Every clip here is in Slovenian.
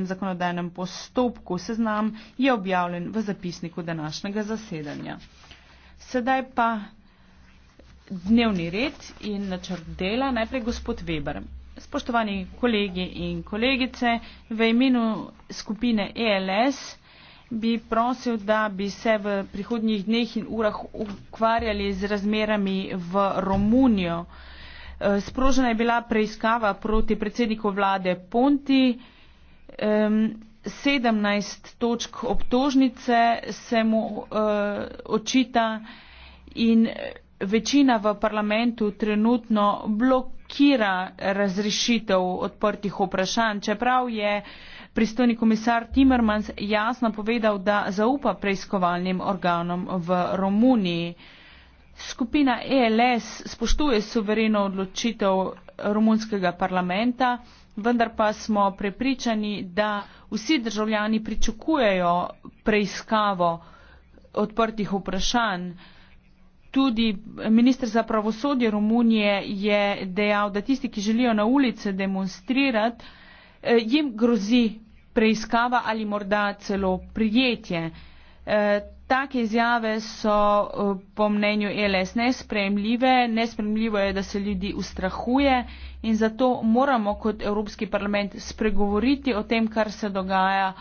nadaljem zakonodajnem postopku. Seznam je objavljen v zapisniku današnjega zasedanja. Sedaj pa dnevni red in načrt dela. Najprej gospod Weber. Spoštovani kolegi in kolegice, v imenu skupine ELS bi prosil, da bi se v prihodnjih dneh in urah ukvarjali z razmerami v Romunijo. E, sprožena je bila preiskava proti predsedniku vlade Ponti um, 17 točk obtožnice se mu uh, očita in večina v parlamentu trenutno blokira razrešitev odprtih vprašanj. Čeprav je pristojni komisar Timmermans jasno povedal, da zaupa preiskovalnim organom v Romuniji. Skupina ELS spoštuje suvereno odločitev romunskega parlamenta vendar pa smo prepričani, da vsi državljani pričakujejo preiskavo odprtih vprašanj. Tudi ministr za pravosodje Romunije je dejal, da tisti, ki želijo na ulice demonstrirati, eh, jim grozi preiskava ali morda celo prijetje. Eh, take izjave so eh, po mnenju LS nespremljive. Nespremljivo je, da se ljudi ustrahuje in zato moramo kot Evropski parlament spregovoriti o tem, kar se dogaja.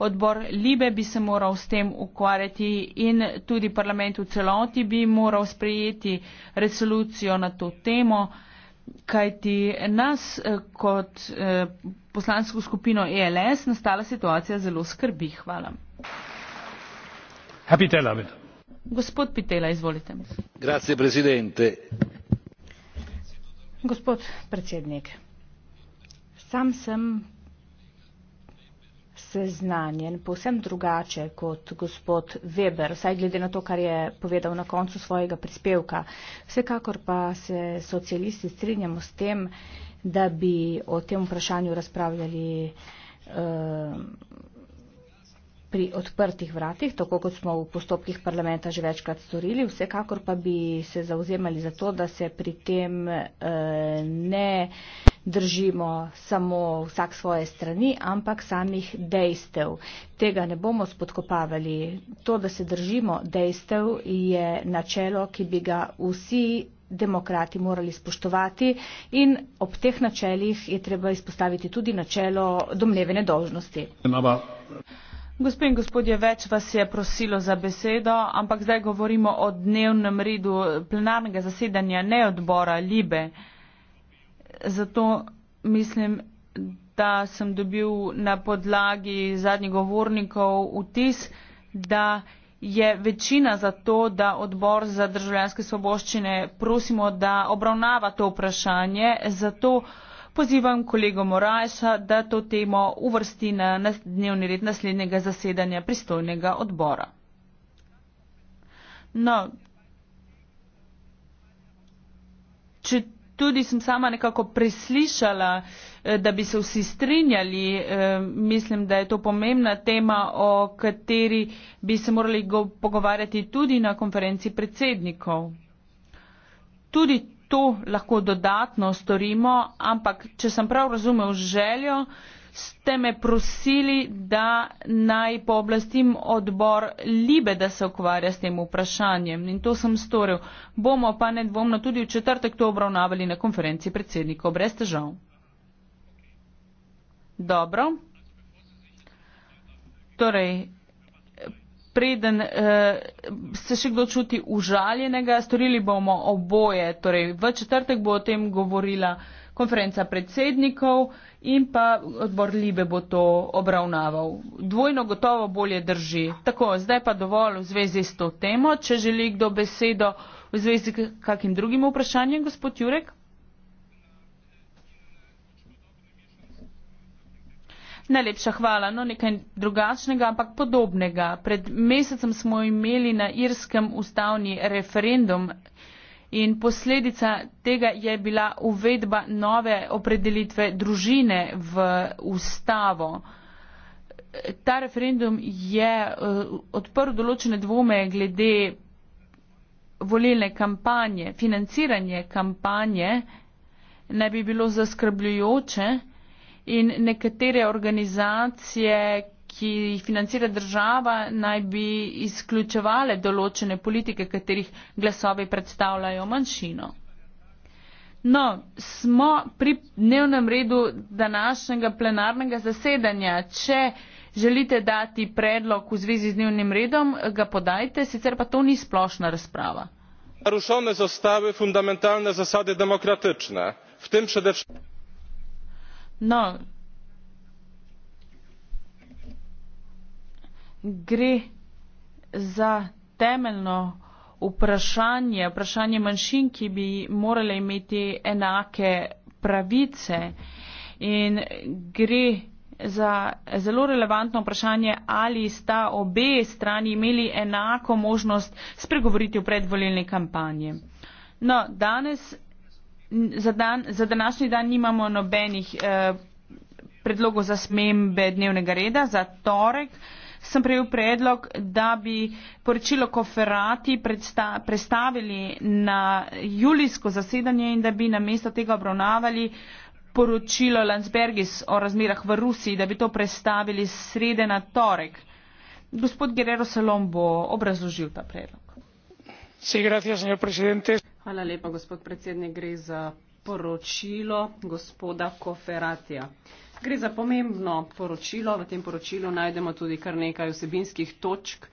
Odbor Libe bi se moral s tem ukvarjati in tudi parlament v celoti bi moral sprejeti resolucijo na to temo, kajti nas eh, kot eh, poslansko skupino ELS nastala situacija zelo skrbi. Hvala. Gospod Pitela, izvolite. Gospod predsednik, sam sem seznanjen povsem drugače kot gospod Weber, vsaj glede na to, kar je povedal na koncu svojega prispevka. Vsekakor pa se socialisti strinjamo s tem, da bi o tem vprašanju razpravljali. Uh, pri odprtih vratih, tako kot smo v postopkih parlamenta že večkrat storili. Vsekakor pa bi se zauzemali za to, da se pri tem eh, ne držimo samo vsak svoje strani, ampak samih dejstev. Tega ne bomo spodkopavali. To, da se držimo dejstev, je načelo, ki bi ga vsi demokrati morali spoštovati in ob teh načeljih je treba izpostaviti tudi načelo domnevene dolžnosti gospe in gospodje več vas je prosilo za besedo ampak zdaj govorimo o dnevnem redu plenarnega zasedanja ne odbora libe zato mislim da sem dobil na podlagi zadnjih govornikov vtis da je večina za to da odbor za državljanske svoboščine prosimo da obravnava to vprašanje zato pozivam kolego Morajša, da to temo uvrsti na dnevni red naslednjega zasedanja pristojnega odbora. No, če tudi sem sama nekako preslišala, eh, da bi se vsi strinjali, eh, mislim, da je to pomembna tema, o kateri bi se morali pogovarjati tudi na konferenci predsednikov. Tudi to lahko dodatno storimo, ampak če sem prav razumel željo, ste me prosili, da naj pooblastim odbor Libe, da se ukvarja s tem vprašanjem. In to sem storil. Bomo pa nedvomno tudi v četrtek to obravnavali na konferenci predsednikov brez težav. Dobro. Torej, preden uh, se še kdo čuti užaljenega, storili bomo oboje. Torej, v četrtek bo o tem govorila konferenca predsednikov in pa odbor Libe bo to obravnaval. Dvojno gotovo bolje drži. Tako, zdaj pa dovolj v zvezi s to temo. Če želi kdo besedo v zvezi s kakim drugim vprašanjem, gospod Jurek. Najlepša hvala. No, nekaj drugačnega, ampak podobnega. Pred mesecem smo imeli na Irskem ustavni referendum in posledica tega je bila uvedba nove opredelitve družine v ustavo. Ta referendum je eh, odprl določene dvome glede volilne kampanje, financiranje kampanje ne bi bilo zaskrbljujoče. In nekatere organizacije, ki jih financira država, naj bi izključevale določene politike, katerih glasovi predstavljajo manjšino. No, smo pri dnevnem redu današnjega plenarnega zasedanja. Če želite dati predlog v zvezi z dnevnim redom, ga podajte, sicer pa to ni splošna razprava. Narušene so stave fundamentalne zasade demokratične. V tem še dešava. No, gre za temeljno vprašanje, vprašanje manjšin, ki bi morale imeti enake pravice. In gre za zelo relevantno vprašanje, ali sta obe strani imeli enako možnost spregovoriti v predvoljeni kampanji. No, danes za, dan, za današnji dan nimamo nobenih eh, predlogov za smembe dnevnega reda, za torek sem prejel predlog, da bi poročilo koferati predsta, predstavili na julijsko zasedanje in da bi na mesto tega obravnavali poročilo Landsbergis o razmerah v Rusiji, da bi to predstavili srede na torek. Gospod Guerrero Salom bo obrazložil ta predlog. Sí, gracias, señor presidente. Hvala lepa, gospod predsednik. Gre za poročilo gospoda Koferatija. Gre za pomembno poročilo. V tem poročilu najdemo tudi kar nekaj vsebinskih točk,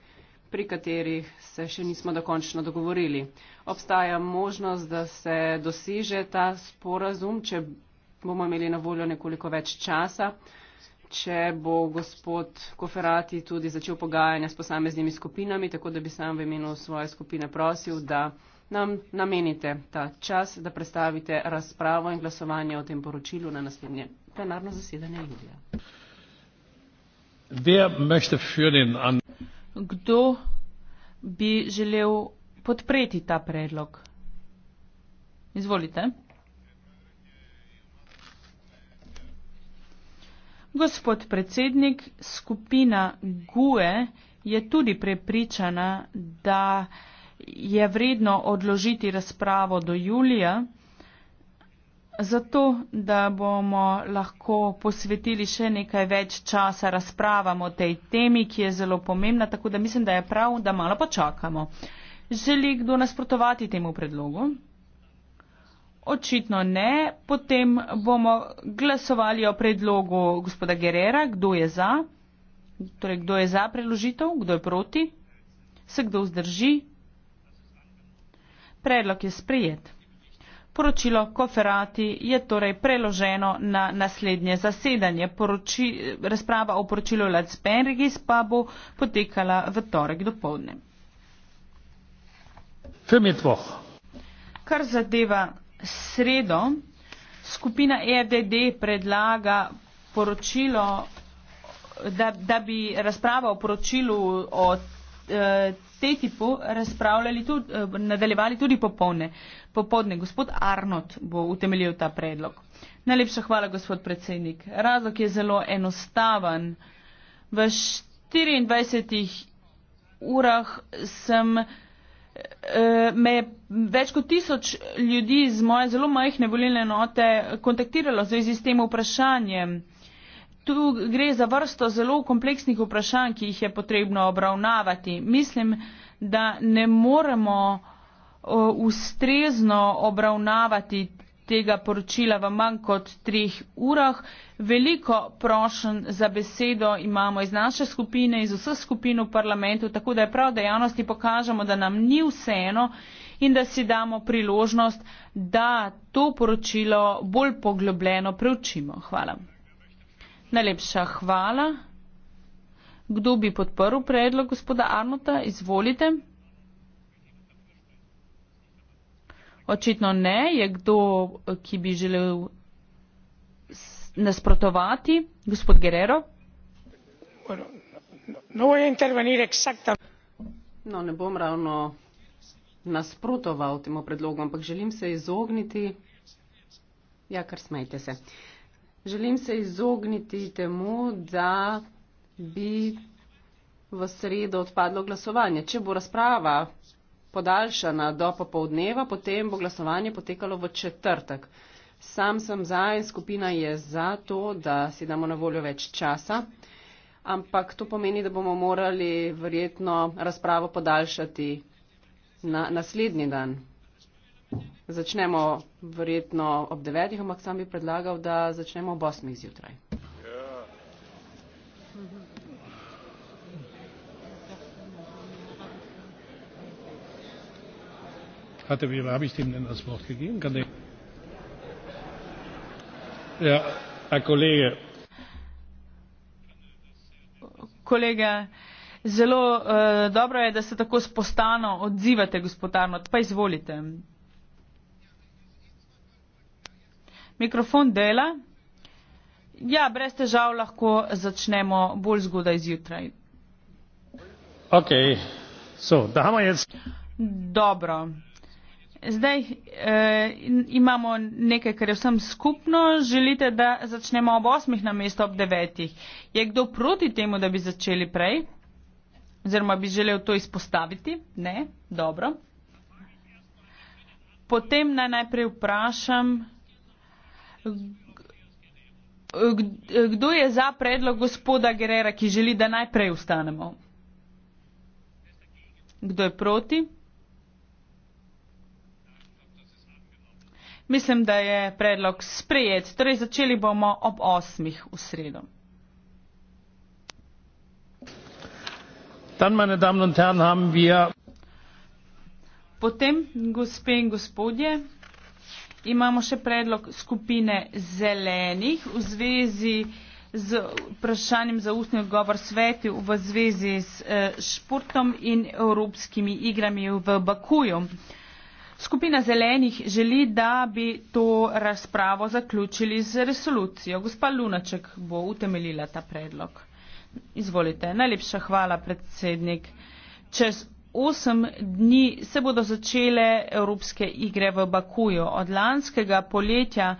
pri katerih se še nismo dokončno dogovorili. Obstaja možnost, da se doseže ta sporazum, če bomo imeli na voljo nekoliko več časa, če bo gospod Koferati tudi začel pogajanja s posameznimi skupinami, tako da bi sam v imenu svoje skupine prosil, da nam namenite ta čas, da predstavite razpravo in glasovanje o tem poročilu na naslednje plenarno zasedanje julija. Kdo bi želel podpreti ta predlog? Izvolite. Gospod predsednik, skupina GUE je tudi prepričana, da je vredno odložiti razpravo do julija, zato da bomo lahko posvetili še nekaj več časa razpravam o tej temi, ki je zelo pomembna, tako da mislim, da je prav, da malo počakamo. Želi kdo nasprotovati temu predlogu? Očitno ne. Potem bomo glasovali o predlogu gospoda Gerera, kdo je za. Torej, kdo je za preložitev, kdo je proti, se kdo vzdrži, predlog je sprejet. Poročilo Koferati je torej preloženo na naslednje zasedanje. Poroči, razprava o poročilu Latsbergis pa bo potekala v torek do povdne. Kar zadeva sredo, skupina EFDD predlaga poročilo, da, da bi razprava o poročilu o eh, CETIP-u razpravljali tudi, eh, nadaljevali tudi popolne, popodne. Gospod Arnot bo utemeljil ta predlog. Najlepša hvala, gospod predsednik. Razlog je zelo enostaven. V 24 urah sem, eh, me več kot tisoč ljudi z moje zelo majhne volilne note kontaktiralo z istim vprašanjem tu gre za vrsto zelo kompleksnih vprašanj, ki jih je potrebno obravnavati. Mislim, da ne moremo ustrezno obravnavati tega poročila v manj kot treh urah. Veliko prošen za besedo imamo iz naše skupine, iz vseh skupin v parlamentu, tako da je prav, da javnosti pokažemo, da nam ni vseeno in da si damo priložnost, da to poročilo bolj poglobljeno preučimo. Hvala. Najlepša hvala. Kdo bi podprl predlog gospoda Arnota? Izvolite. Očitno ne. Je kdo, ki bi želel nasprotovati? Gospod Gerero. No, no, no, ne bom ravno nasprotoval temu predlogu, ampak želim se izogniti. Ja, kar smejte se. Želim se izogniti temu, da bi v sredo odpadlo glasovanje. Če bo razprava podaljšana do popovdneva, potem bo glasovanje potekalo v četrtek. Sam sem za in skupina je za to, da si damo na voljo več časa, ampak to pomeni, da bomo morali verjetno razpravo podaljšati na naslednji dan začnemo verjetno ob devetih, ampak sam bi predlagal, da začnemo ob osmih zjutraj. Hatte, wie habe ich dem denn das Wort gegeben? Kann ich ja, Herr Kollege. Kollege. Zelo uh, dobro je, da se tako spostano odzivate, gospod Arnold, pa izvolite. Mikrofon dela. Ja, brez težav lahko začnemo bolj zgodaj zjutraj. Ok, so, damo jaz. Dobro. Zdaj eh, imamo nekaj, kar je vsem skupno. Želite, da začnemo ob osmih na mesto ob devetih. Je kdo proti temu, da bi začeli prej? Oziroma bi želel to izpostaviti? Ne? Dobro. Potem naj najprej vprašam, Kdo je za predlog gospoda Gerera, ki želi, da najprej ustanemo? Kdo je proti? Mislim, da je predlog sprejet. Torej, začeli bomo ob osmih v sredo. Dan, meine Damen und Herren, haben wir. Potem, gospe in gospodje imamo še predlog skupine zelenih v zvezi z vprašanjem za ustni odgovor svetu v zvezi s eh, športom in evropskimi igrami v Bakuju. Skupina zelenih želi, da bi to razpravo zaključili z resolucijo. Gospa Lunaček bo utemeljila ta predlog. Izvolite. Najlepša hvala, predsednik. Čez osem dni se bodo začele evropske igre v Bakuju. Od lanskega poletja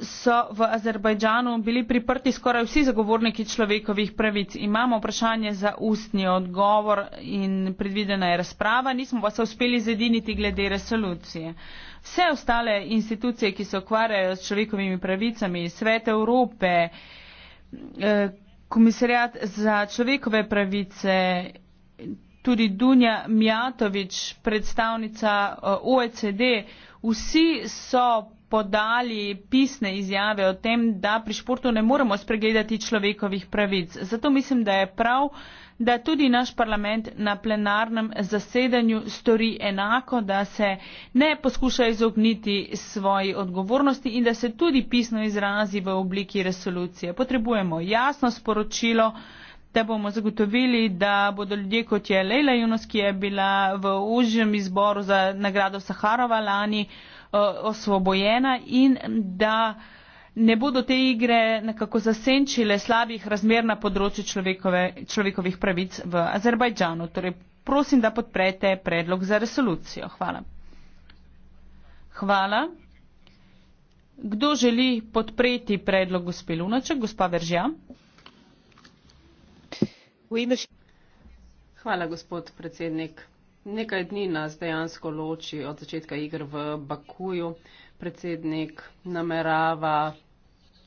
so v Azerbajdžanu bili priprti skoraj vsi zagovorniki človekovih pravic. Imamo vprašanje za ustni odgovor in predvidena je razprava, nismo pa se uspeli zediniti glede resolucije. Vse ostale institucije, ki se ukvarjajo s človekovimi pravicami, Svet Evrope, eh, komisariat za človekove pravice, tudi dunja mijatović predstavnica eh, oecd vsi so podali pisne izjave o tem da pri športu ne moremo spregledati človekovih pravic zato mislim da je prav da tudi naš parlament na plenarnem zasedanju stori enako da se ne poskuša izogniti svoji odgovornosti in da se tudi pisno izrazi v obliki resolucije potrebujemo jasno sporočilo da bomo zagotovili, da bodo ljudje kot je Leila Junos, ki je bila v užjem izboru za nagrado Saharova lani eh, osvobojena in da ne bodo te igre nekako zasenčile slabih razmer na področju človekove, človekovih pravic v Azerbajdžanu. Torej, prosim, da podprete predlog za resolucijo. Hvala. Hvala. Kdo želi podpreti predlog gospe Lunaček, gospa Veržja? Hvala, gospod predsednik. Nekaj dni nas dejansko loči od začetka igr v Bakuju. Predsednik namerava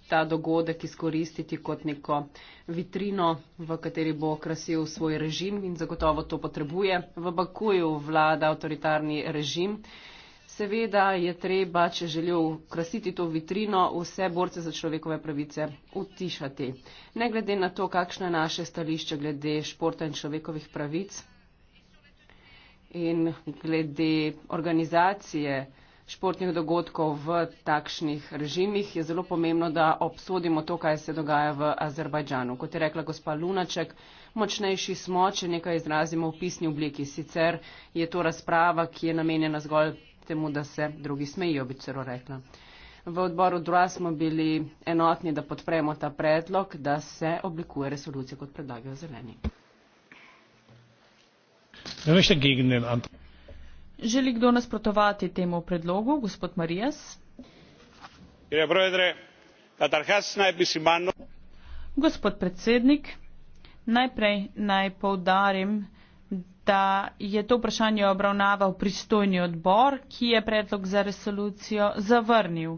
ta dogodek izkoristiti kot neko vitrino, v kateri bo krasil svoj režim in zagotovo to potrebuje v Bakuju vlada avtoritarni režim. Seveda je treba, če želijo krasiti to vitrino, vse borce za človekove pravice utišati. Ne glede na to, kakšno je naše stališče glede športa in človekovih pravic in glede organizacije športnih dogodkov v takšnih režimih, je zelo pomembno, da obsodimo to, kaj se dogaja v Azerbajdžanu. Kot je rekla gospa Lunaček, močnejši smo, če nekaj izrazimo v pisni obliki. Sicer je to razprava, ki je namenjena zgolj temu, da se drugi smejijo, bi celo rekla. V odboru DRA smo bili enotni, da podpremo ta predlog, da se oblikuje resolucija, kot predlagajo zeleni. Ja, Želi kdo nasprotovati temu predlogu? Gospod Marijas. Gospod predsednik, najprej naj poudarim, da je to vprašanje obravnaval pristojni odbor, ki je predlog za resolucijo zavrnil.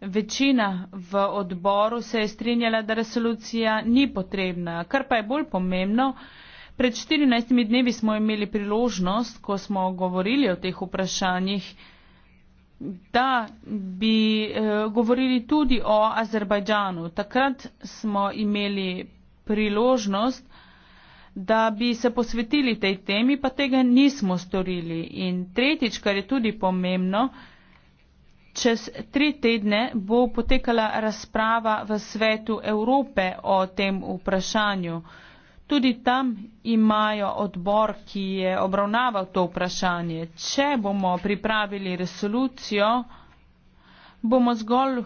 Večina v odboru se je strinjala, da resolucija ni potrebna. Kar pa je bolj pomembno, pred 14 dnevi smo imeli priložnost, ko smo govorili o teh vprašanjih, da bi eh, govorili tudi o Azerbajdžanu. Takrat smo imeli priložnost, da bi se posvetili tej temi, pa tega nismo storili. In tretjič, kar je tudi pomembno, čez tri tedne bo potekala razprava v svetu Evrope o tem vprašanju. Tudi tam imajo odbor, ki je obravnaval to vprašanje. Če bomo pripravili resolucijo, bomo zgolj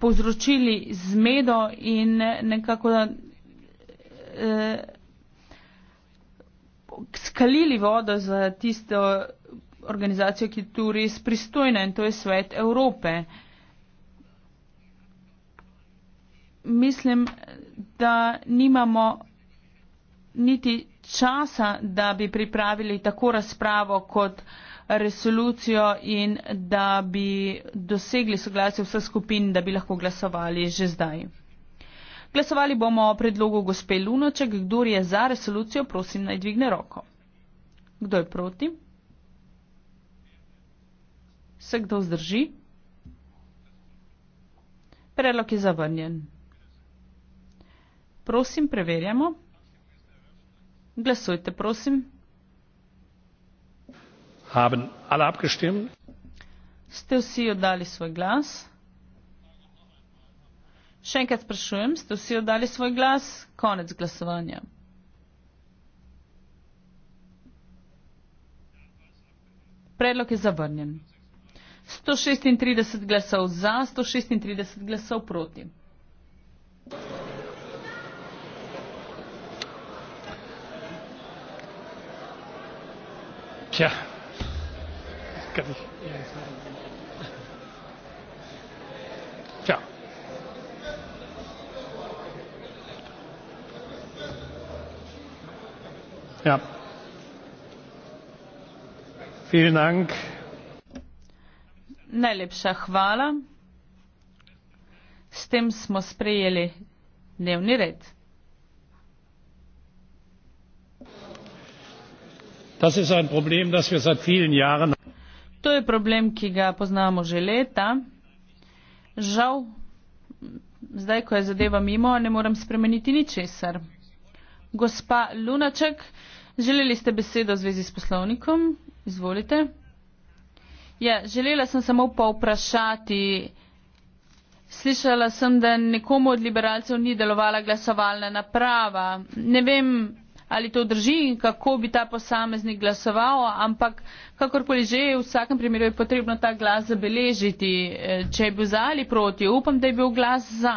povzročili zmedo in nekako. Eh, kalili vodo za tisto organizacijo, ki je tu res pristojna in to je svet Evrope. Mislim, da nimamo niti časa, da bi pripravili tako razpravo kot resolucijo in da bi dosegli soglasje vseh skupin, da bi lahko glasovali že zdaj. Glasovali bomo o predlogu gospe Lunoček, kdo je za resolucijo, prosim naj dvigne roko. Kdo je proti? Se kdo zdrži? Predlog je zavrnjen. Prosim, preverjamo. Glasujte, prosim. Haben alle abgestimmt? Ste vsi oddali svoj glas? Še enkrat sprašujem, ste vsi oddali svoj glas? Konec glasovanja. Predlog je zavrnjen. 136 glasov za, 136 glasov proti. Tja. Tja. Ja. Najlepša hvala. S tem smo sprejeli dnevni red. Problem, Jahren... To je problem, ki ga poznamo že leta. Žal, zdaj, ko je zadeva mimo, ne morem spremeniti ničesar. Gospa Lunaček, želeli ste besedo v zvezi s poslovnikom? Izvolite. Ja, želela sem samo povprašati. Slišala sem, da nekomu od liberalcev ni delovala glasovalna naprava. Ne vem, ali to drži in kako bi ta posameznik glasoval, ampak kakorkoli že, v vsakem primeru je potrebno ta glas zabeležiti, eh, če je bil za ali proti. Upam, da je bil glas za.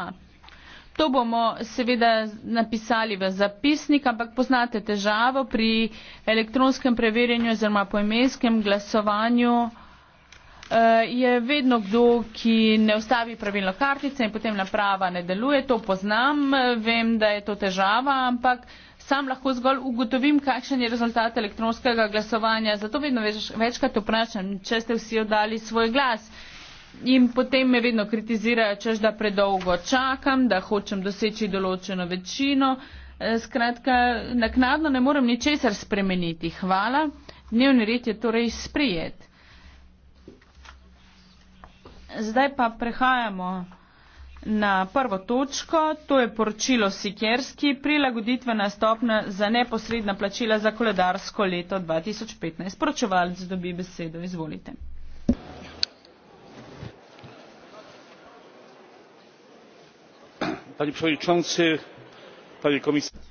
To bomo seveda napisali v zapisnik, ampak poznate težavo pri elektronskem preverjanju oziroma poimenskem glasovanju. Eh, je vedno kdo, ki ne ustavi pravilno kartice in potem naprava ne deluje. To poznam, vem, da je to težava, ampak sam lahko zgolj ugotovim, kakšen je rezultat elektronskega glasovanja. Zato vedno več, večkrat vprašam, če ste vsi oddali svoj glas. Uh, In potem me vedno kritizirajo, češ da predolgo čakam, da hočem doseči določeno večino. E, skratka, naknadno ne morem ničesar spremeniti. Hvala. Dnevni red je torej sprijet. Zdaj pa prehajamo na prvo točko. To je poročilo Sikerski, prilagoditvena stopna za neposredna plačila za koledarsko leto 2015. Poročevalc dobi besedo. Izvolite. panie przewodniczący panie komisarzu!